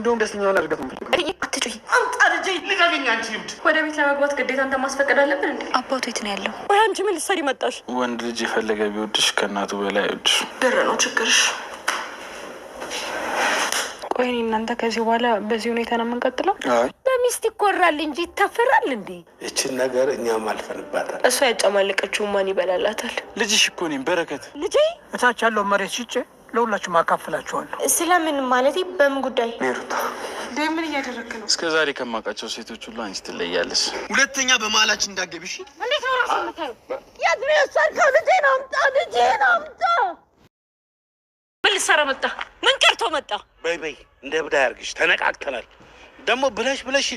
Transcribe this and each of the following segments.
እንደውም ደስተኛ ሆነ እርገት አትጩሂ። ወደ ቤት ለመግባት ግዴታ አንተ ማስፈቀድ አለብን እንዴ? አባቱ የት ነው ያለው? ወይ አንቺ ምን ልትሰሪ መጣሽ? ወንድ ልጅ የፈለገ ቢወድሽ ከእናቱ በላይ አይወድሽ። ብር ነው ችግርሽ። ቆይ እናንተ ከዚህ በኋላ በዚህ ሁኔታ ነው የምንቀጥለው? በሚስት ይኮራል እንጂ ይታፈራል እንዴ? ይችን ነገር እኛም አልፈንባታል። እሷ ያጨማለቀችው ማን ይበላላታል? ልጅሽ እኮ እኔም በረከት ልጄ እታች ያለው መሬት ሽጬ ለሁላችሁም አካፍላችኋለሁ። ስለምን ማለት በምን ጉዳይ ሩታ ምን እያደረግ ነው? እስከ ዛሬ ከማውቃቸው ሴቶች ሁሉ አንቺ ትለያለሽ። ሁለተኛ በመሀላችን እንዳገብሽ እንዴት ነው ራሱ ምን ልትሰራ መጣ? ምን ቀርቶ መጣ? በይ በይ፣ እንደ ብዳ ያርግሽ። ተነቃቅተናል። ደግሞ ብለሽ ብለሽ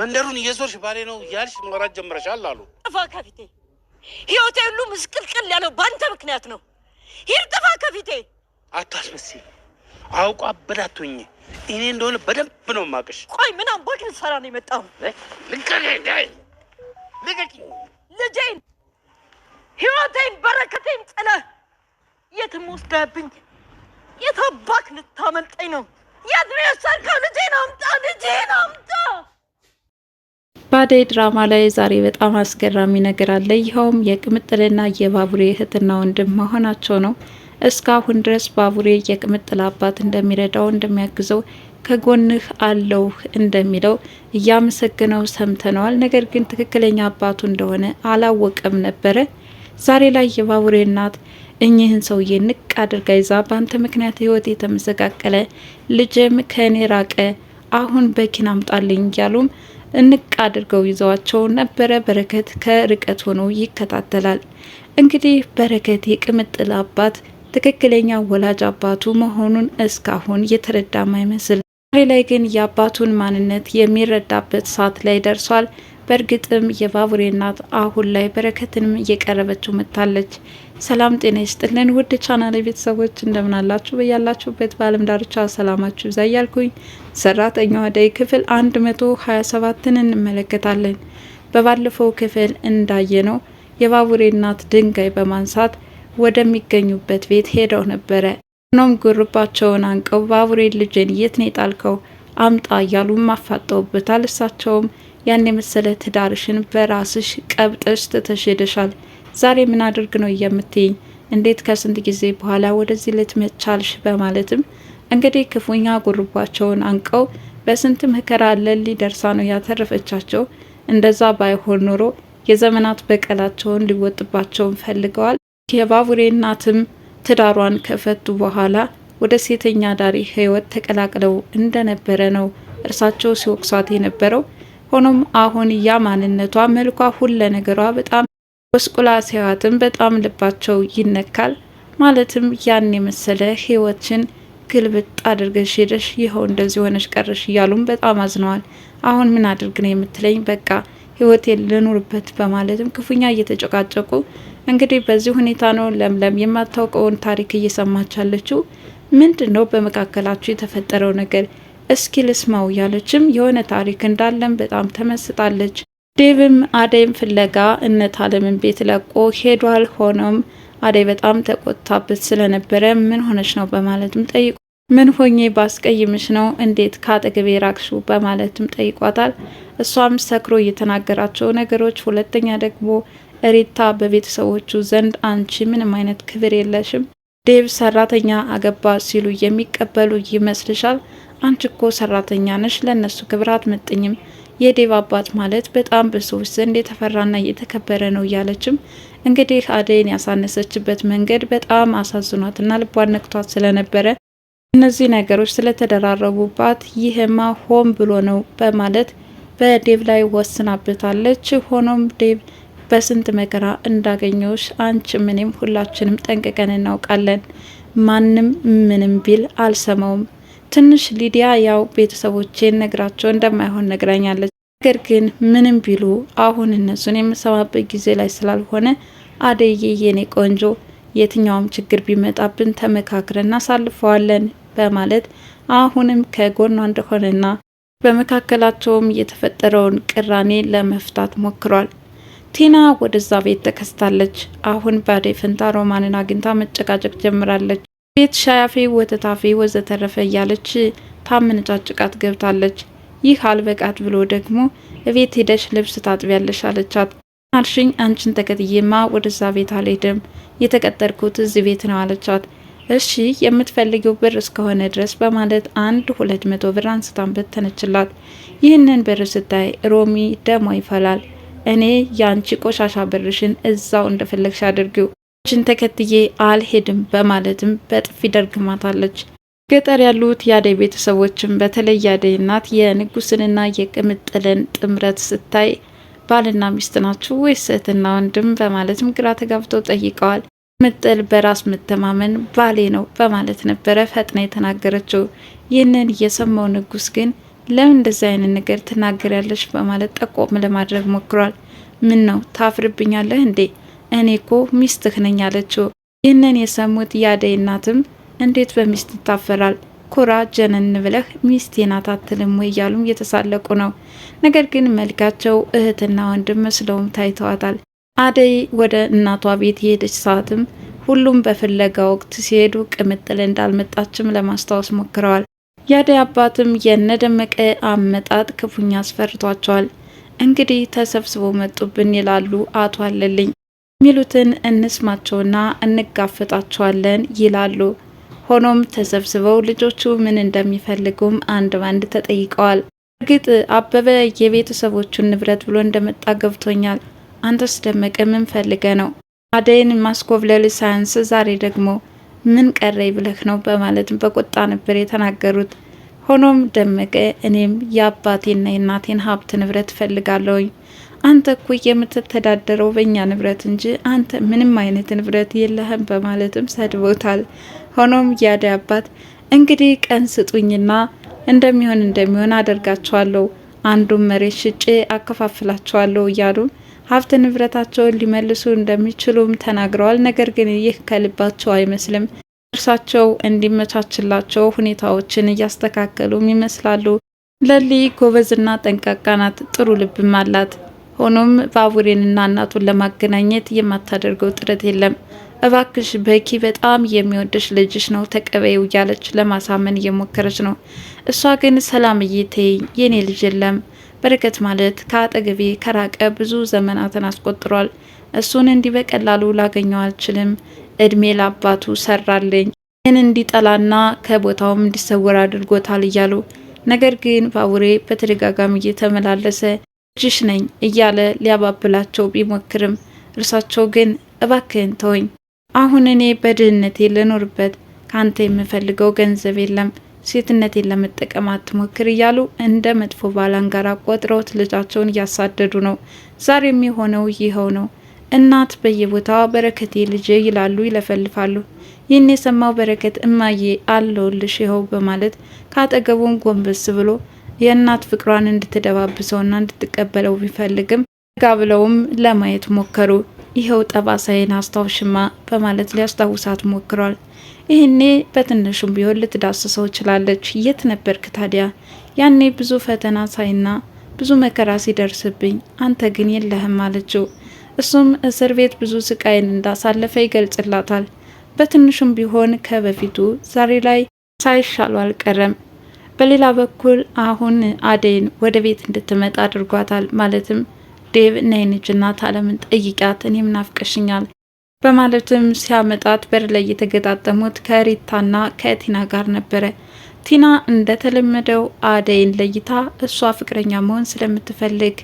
መንደሩን እየዞርሽ ባሌ ነው ያልሽ መራት ጀምረሻል አሉ። ጥፋ ከፊቴ! ህይወቴ ሁሉ ምስቅልቅል ያለው በአንተ ምክንያት ነው። ሂድ ጥፋ ከፊቴ! አታስመሲ። አውቋ አበዳቶኝ እኔ እንደሆነ በደንብ ነው የማውቅሽ። ቆይ ምን አባት ልትሰራ ነው የመጣው? ልጄን፣ ህይወቴን፣ በረከቴን ጥለህ የትም ወስደህብኝ የት አባክ ልታመልጠኝ ነው? የት ነው የወሰድከው? ልጄን አምጣ! ልጄን አምጣ! በአደይ ድራማ ላይ ዛሬ በጣም አስገራሚ ነገር አለ። ይኸውም የቅምጥልና የባቡሬ እህትና ወንድም መሆናቸው ነው። እስካሁን ድረስ ባቡሬ የቅምጥል አባት እንደሚረዳው እንደሚያግዘው ከጎንህ አለው እንደሚለው እያመሰገነው ሰምተነዋል። ነገር ግን ትክክለኛ አባቱ እንደሆነ አላወቀም ነበረ። ዛሬ ላይ የባቡሬ እናት እኚህን ሰውዬ ንቅ አድርጋ ይዛ በአንተ ምክንያት ህይወት የተመሰቃቀለ ልጅም ከእኔ ራቀ፣ አሁን በኪን አምጣልኝ እያሉም እንቅ አድርገው ይዘዋቸው ነበረ። በረከት ከርቀት ሆኖ ይከታተላል። እንግዲህ በረከት የቅምጥል አባት ትክክለኛ ወላጅ አባቱ መሆኑን እስካሁን የተረዳ ማይመስል ዛሬ ላይ ግን የአባቱን ማንነት የሚረዳበት ሰዓት ላይ ደርሷል። በእርግጥም የባቡሬ እናት አሁን ላይ በረከትንም እየቀረበችው መጥታለች። ሰላም ጤና ይስጥልን ውድ ቻናል ቤተሰቦች እንደምናላችሁ በያላችሁበት በዓለም ዳርቻ ሰላማችሁ ይብዛ እያልኩኝ ሰራተኛዋ አደይ ክፍል 127ን እንመለከታለን። በባለፈው ክፍል እንዳየ ነው የባቡሬ እናት ድንጋይ በማንሳት ወደሚገኙበት ቤት ሄደው ነበረ። ሆኖም ጉርባቸውን አንቀው ባቡሬን ልጅን የት ነው የጣልከው? አምጣ እያሉ ማፋጠውበታል። እሳቸውም ያን የመሰለ ትዳርሽን በራስሽ ቀብጠሽ ትተሽደሻል። ዛሬ ምን አድርግ ነው የምትይኝ? እንዴት ከስንት ጊዜ በኋላ ወደዚህ ልትመቻልሽ? ቻልሽ? በማለትም እንግዲህ ክፉኛ ጉርባቸውን አንቀው በስንት መከራ ለሊ ደርሳ ነው ያተረፈቻቸው። እንደዛ ባይሆን ኖሮ የዘመናት በቀላቸውን ሊወጥባቸውን ፈልገዋል። የባቡሬ እናትም ትዳሯን ከፈቱ በኋላ ወደ ሴተኛ አዳሪ ህይወት ተቀላቅለው እንደነበረ ነው እርሳቸው ሲወቅሷት የነበረው። ሆኖም አሁን ያ ማንነቷ፣ መልኳ፣ ሁለ ነገሯ በጣም ጎስቁላ ሲያዋትም በጣም ልባቸው ይነካል። ማለትም ያን የመሰለ ህይወትን ግልብጥ አድርገሽ ሄደሽ ይኸው እንደዚህ ሆነሽ ቀረሽ እያሉም በጣም አዝነዋል። አሁን ምን አድርግ ነው የምትለኝ? በቃ ሕይወቴን ልኑርበት በማለትም ክፉኛ እየተጨቃጨቁ እንግዲህ በዚህ ሁኔታ ነው ለምለም የማታውቀውን ታሪክ እየሰማች ያለችው። ምንድን ነው በመካከላችሁ የተፈጠረው ነገር እስኪ ልስማው ያለችም የሆነ ታሪክ እንዳለም በጣም ተመስጣለች። ዴቭም አደይም ፍለጋ እነታለምን ቤት ለቆ ሄዷል። ሆኖም አደይ በጣም ተቆጥታበት ስለነበረ ምን ሆነች ነው በማለትም ጠይቁ ምን ሆኜ ባስቀይምሽ ነው እንዴት ከአጠገቤ ራቅሹ በማለትም ጠይቋታል። እሷም ሰክሮ እየተናገራቸው ነገሮች፣ ሁለተኛ ደግሞ ሪታ በቤተሰቦቹ ዘንድ አንቺ ምንም አይነት ክብር የለሽም፣ ዴቭ ሰራተኛ አገባ ሲሉ የሚቀበሉ ይመስልሻል? አንቺ እኮ ሰራተኛ ነሽ፣ ለእነሱ ክብር አትመጥኝም። የዴቭ አባት ማለት በጣም በሰዎች ዘንድ የተፈራና እየተከበረ ነው እያለችም እንግዲህ አደይን ያሳነሰችበት መንገድ በጣም አሳዝኗትና ልቧን ነክቷት ስለነበረ እነዚህ ነገሮች ስለተደራረቡባት ይህማ ሆን ብሎ ነው በማለት በዴቭ ላይ ወስናበታለች። ሆኖም ዴቭ በስንት መከራ እንዳገኘውሽ አንቺ ምንም ሁላችንም ጠንቅቀን እናውቃለን። ማንም ምንም ቢል አልሰማውም። ትንሽ ሊዲያ ያው ቤተሰቦቼን ነግራቸው እንደማይሆን ነግራኛለች። ነገር ግን ምንም ቢሉ አሁን እነሱን የምሰማበት ጊዜ ላይ ስላልሆነ አደዬ የኔ ቆንጆ የትኛውም ችግር ቢመጣብን ተመካክረን እናሳልፈዋለን በማለት አሁንም ከጎኗ እንደሆነና በመካከላቸውም የተፈጠረውን ቅራኔ ለመፍታት ሞክሯል። ቴና ወደዛ ቤት ተከስታለች። አሁን ባዴ ፈንታ ሮማንን አግኝታ መጨቃጨቅ ጀምራለች። ቤት ሻያፌ፣ ወተታፌ፣ ወዘተረፈ እያለች ታምንጫጭቃት ገብታለች። ይህ አልበቃት ብሎ ደግሞ እቤት ሄደሽ ልብስ ታጥቢያለሽ አለቻት። አልሽኝ አንቺን ተከትዬማ ወደዛ ቤት አልሄድም የተቀጠርኩት እዚህ ቤት ነው አለቻት። እሺ የምትፈልጊው ብር እስከሆነ ድረስ በማለት አንድ ሁለት መቶ ብር አንስታን በተነችላት። ይህንን ብር ስታይ ሮሚ ደሟ ይፈላል። እኔ ያንቺ ቆሻሻ ብርሽን እዛው እንደፈለግሽ አድርጊው ችን ተከትዬ አልሄድም በማለትም በጥፊ ደርግማታለች። ገጠር ያሉት የአደይ ቤተሰቦችም በተለይ የአደይ እናት የንጉስንና የቅምጥልን ጥምረት ስታይ ባልና ሚስት ናችሁ ወይስ እህትና ወንድም በማለትም ግራ ተጋብተው ጠይቀዋል። ምጥል በራስ መተማመን ባሌ ነው በማለት ነበረ ፈጥና የተናገረችው። ይህንን የሰማው ንጉስ ግን ለምን እንደዚህ አይነት ነገር ትናገሪያለሽ? በማለት ጠቆም ለማድረግ ሞክሯል። ምን ነው ታፍርብኛለህ እንዴ? እኔ እኮ ሚስትህ ነኝ አለችው። ይህንን የሰሙት የአደይ እናትም እንዴት በሚስት ይታፈራል? ኩራ ጀነን ብለህ ሚስቴ ናት አትልም ወይ እያሉም እየተሳለቁ ነው። ነገር ግን መልካቸው እህትና ወንድም መስለውም ታይተዋታል። አደይ ወደ እናቷ ቤት የሄደች ሰዓትም ሁሉም በፍለጋ ወቅት ሲሄዱ ቅምጥል እንዳልመጣችም ለማስታወስ ሞክረዋል። የአደይ አባትም የነደመቀ አመጣጥ ክፉኛ አስፈርቷቸዋል። እንግዲህ ተሰብስበው መጡብን ይላሉ አቶ አለልኝ። የሚሉትን እንስማቸውና እንጋፈጣቸዋለን ይላሉ። ሆኖም ተሰብስበው ልጆቹ ምን እንደሚፈልጉም አንድ ባንድ ተጠይቀዋል። እርግጥ አበበ የቤተሰቦቹን ንብረት ብሎ እንደመጣ ገብቶኛል። አንተስ ደመቀ ምን ፈልገ ነው? አደይን ማስኮብለል ሳያንስ ዛሬ ደግሞ ምን ቀረኝ ብለህ ነው በማለትም በቁጣ ነበር የተናገሩት። ሆኖም ደመቀ እኔም የአባቴና የእናቴን ሀብት ንብረት ፈልጋለሁኝ። አንተ እኮ የምትተዳደረው በእኛ ንብረት እንጂ አንተ ምንም አይነት ንብረት የለህም በማለትም ሰድቦታል። ሆኖም ያደ አባት እንግዲህ ቀን ስጡኝና እንደሚሆን እንደሚሆን አደርጋቸዋለሁ፣ አንዱን መሬት ሽጬ አከፋፍላቸዋለሁ እያሉም ሀብት ንብረታቸውን ሊመልሱ እንደሚችሉም ተናግረዋል። ነገር ግን ይህ ከልባቸው አይመስልም። እርሳቸው እንዲመቻችላቸው ሁኔታዎችን እያስተካከሉም ይመስላሉ። ለሊ ጎበዝና ጠንቃቃ ናት፣ ጥሩ ልብም አላት። ሆኖም ባቡሬንና እናቱን ለማገናኘት የማታደርገው ጥረት የለም። እባክሽ በኪ በጣም የሚወደሽ ልጅሽ ነው ተቀበይው እያለች ለማሳመን እየሞከረች ነው። እሷ ግን ሰላምዬ ተይኝ፣ የኔ ልጅ የለም በርቀት ማለት ከአጠገቤ ከራቀ ብዙ ዘመናትን አስቆጥሯል። እሱን እንዲህ በቀላሉ ላገኘው አልችልም። እድሜ ለአባቱ ሰራልኝ፣ ይህን እንዲጠላና ከቦታውም እንዲሰወር አድርጎታል እያሉ ነገር ግን ባቡሬ በተደጋጋሚ እየተመላለሰ ልጅሽ ነኝ እያለ ሊያባብላቸው ቢሞክርም እርሳቸው ግን እባክህን ተወኝ፣ አሁን እኔ በድህነቴ ልኖርበት፣ ከአንተ የምፈልገው ገንዘብ የለም ሴትነቴን ለመጠቀም አትሞክር እያሉ እንደ መጥፎ ባላንጋራ ቆጥረውት ልጃቸውን እያሳደዱ ነው። ዛሬ የሚሆነው ይኸው ነው። እናት በየቦታዋ በረከቴ ልጄ ይላሉ፣ ይለፈልፋሉ። ይህን የሰማው በረከት እማዬ አለውልሽ ይኸው በማለት ካጠገቡን ጎንበስ ብሎ የእናት ፍቅሯን እንድትደባብሰውና እንድትቀበለው ቢፈልግም ጋ ብለውም ለማየት ሞከሩ። ይኸው ጠባሳዬን አስታውሽማ በማለት ሊያስታውሳት ሞክሯል። ይህኔ በትንሹም ቢሆን ልትዳስሰው ችላለች። የት ነበርክ ታዲያ? ያኔ ብዙ ፈተና ሳይና ብዙ መከራ ሲደርስብኝ አንተ ግን የለህም አለችው። እሱም እስር ቤት ብዙ ስቃይን እንዳሳለፈ ይገልጽላታል። በትንሹም ቢሆን ከበፊቱ ዛሬ ላይ ሳይሻሉ አልቀረም። በሌላ በኩል አሁን አደይን ወደ ቤት እንድትመጣ አድርጓታል። ማለትም ዴቭ ነይንጅ ና ታለምን ጠይቂያት፣ እኔም ናፍቀሽኛል በማለትም ሲያመጣት በር ላይ የተገጣጠሙት ከሪታና ከቲና ጋር ነበረ። ቲና እንደተለመደው አደይን ለይታ እሷ ፍቅረኛ መሆን ስለምትፈልግ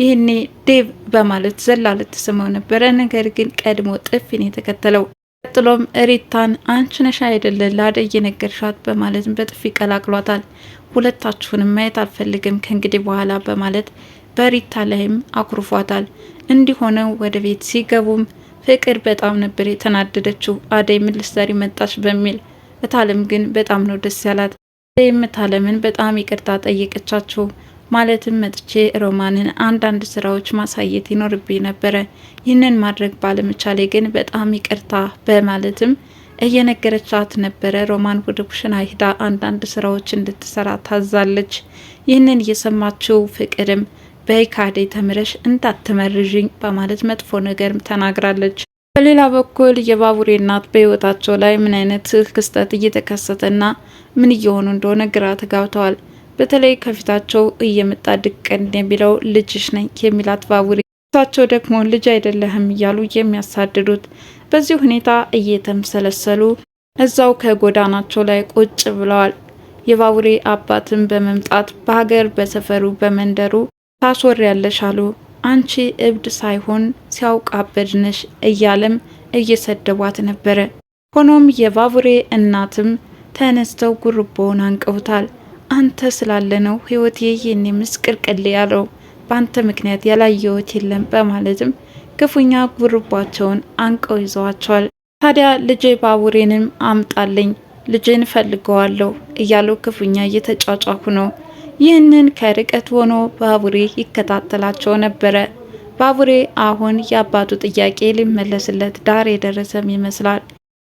ይህኔ ዴቭ በማለት ዘላ ልትስመው ነበረ። ነገር ግን ቀድሞ ጥፊን የተከተለው ቀጥሎም ሪታን አንቺ ነሽ አይደለ ለአደይ የነገርሻት በማለትም በጥፊ ቀላቅሏታል። ሁለታችሁንም ማየት አልፈልግም ከእንግዲህ በኋላ በማለት በሪታ ላይም አኩርፏታል። እንዲሆነው ወደ ቤት ሲገቡም ፍቅር በጣም ነበር የተናደደችው አደይ ምን ልትሰሪ መጣች በሚል እታለም ግን በጣም ነው ደስ ያላት። አደይም እታለምን በጣም ይቅርታ ጠየቀቻቸው። ማለትም መጥቼ ሮማንን አንዳንድ ስራዎች ማሳየት ይኖርብኝ ነበረ፣ ይህንን ማድረግ ባለመቻሌ ግን በጣም ይቅርታ በማለትም እየነገረቻት ነበረ። ሮማን ወደ ኩሽና ሂዳ አንዳንድ ስራዎች እንድትሰራ ታዛለች። ይህንን እየሰማችው ፍቅርም በኢካዴ ተምረሽ እንዳትመርዥኝ በማለት መጥፎ ነገር ተናግራለች። በሌላ በኩል የባቡሬ እናት በህይወታቸው ላይ ምን አይነት ክስተት እየተከሰተና ምን እየሆኑ እንደሆነ ግራ ተጋብተዋል። በተለይ ከፊታቸው እየመጣ ድቅን የሚለው ልጅሽ ነኝ የሚላት ባቡሬ እሳቸው ደግሞ ልጅ አይደለህም እያሉ የሚያሳድዱት በዚህ ሁኔታ እየተምሰለሰሉ እዛው ከጎዳናቸው ላይ ቁጭ ብለዋል። የባቡሬ አባትን በመምጣት በሀገር በሰፈሩ በመንደሩ ያለሽ አሉ። አንቺ እብድ ሳይሆን ሲያውቅ አበድ ነሽ እያለም እየሰደቧት ነበረ። ሆኖም የባቡሬ እናትም ተነስተው ጉርቦውን አንቀውታል። አንተ ስላለ ነው ህይወቴ ይህን ምስቅልቅል ያለው በአንተ ምክንያት ያላየሁት የለም በማለትም ክፉኛ ጉርቧቸውን አንቀው ይዘዋቸዋል። ታዲያ ልጄ ባቡሬንም አምጣልኝ ልጄን ፈልገዋለሁ እያለው ክፉኛ እየተጫጫኩ ነው ይህንን ከርቀት ሆኖ ባቡሬ ይከታተላቸው ነበረ። ባቡሬ አሁን የአባቱ ጥያቄ ሊመለስለት ዳር የደረሰም ይመስላል።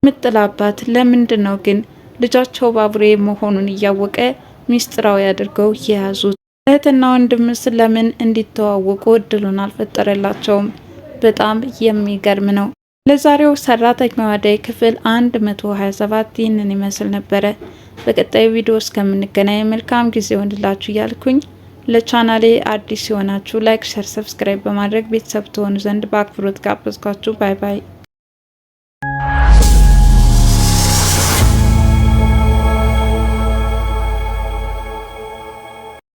ምጥል አባት ለምንድን ነው ግን ልጃቸው ባቡሬ መሆኑን እያወቀ ሚስጥራዊ አድርገው የያዙት? እህትና ወንድምስ ለምን እንዲተዋወቁ እድሉን አልፈጠረላቸውም? በጣም የሚገርም ነው። ለዛሬው ሰራተኛዋ አደይ ክፍል 127 ይህንን ይመስል ነበረ። በቀጣዩ ቪዲዮ እስከምንገናኝ መልካም ጊዜ ሆንላችሁ እያልኩኝ ለቻናሌ አዲስ የሆናችሁ ላይክ፣ ሸር፣ ሰብስክራይብ በማድረግ ቤተሰብ ትሆኑ ዘንድ በአክብሮት ጋበዝኳችሁ። ባይ ባይ።